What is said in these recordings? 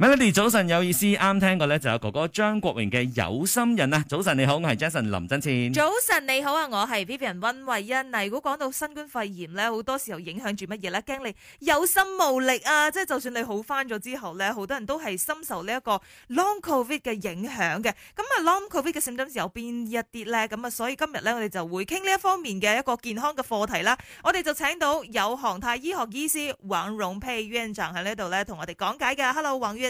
Melody，早晨有意思，啱聽過咧，就有哥哥張國榮嘅有心人啊！早晨你好，我係 Jason 林真倩。早晨你好啊，我係 Vivian 溫慧欣。嗱，如果講到新冠肺炎咧，好多時候影響住乜嘢咧？驚你有心無力啊！即係就算你好翻咗之後咧，好多人都係深受一呢一個 long covid 嘅影響嘅。咁啊 long covid 嘅症狀有邊一啲咧？咁啊，所以今日咧我哋就會傾呢一方面嘅一個健康嘅課題啦。我哋就請到有航太醫學醫師黃榮佩院長喺呢度咧，同我哋講解嘅。Hello，黃院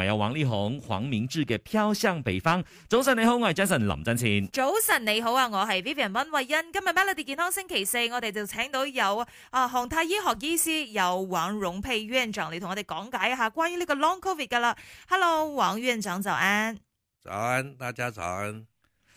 還有王力宏、黃明志嘅《飄向北方》。早晨，你好，我係 Jason 林振倩。早晨，你好啊，我係 Vivian 溫慧欣。今日 Melody 健康星期四，我哋就請到有啊宏泰醫學醫師，有黃勇佩院長嚟同我哋講解一下關於呢個 Long Covid 噶啦。Hello，黃院長，早安。早安，大家早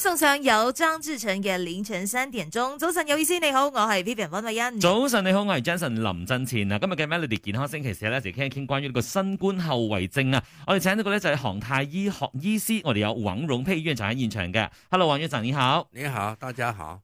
送上有張智成嘅凌晨三點鐘，早晨有意思你好，我係 Vivian 温慧欣，早晨你好，我係 Jason 林振前啊，今日嘅 Melody 健康星期四咧就傾一傾關於呢個新冠後遺症啊，我哋請到一個咧就係航太醫學醫師，我哋有黃勇飛醫生就喺現場嘅，Hello，黃醫生你好，你好大家好。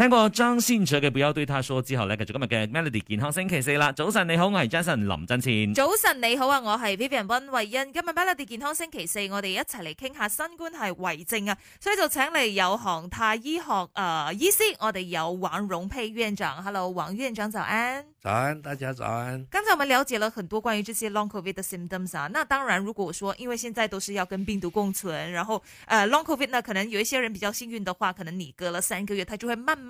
聽過張信哲嘅《別有對他說》之後咧，繼續今日嘅 Melody 健康星期四啦。早晨你好，我係 Jason 林振前。早晨你好啊，我係 Vivian 溫慧欣。今日 Melody 健康星期四，我哋一齊嚟傾下新冠後遺症啊！所以就請嚟有航太醫學誒、呃、醫師，我哋有王榮佩院長。Hello，王院長早安。早安，大家早安。剛才我們了解了很多關於這些 long covid 的 symptoms 啊，那當然，如果說因為現在都是要跟病毒共存，然後誒、呃、long covid，那可能有一些人比較幸運的話，可能你隔了三個月，他就會慢慢。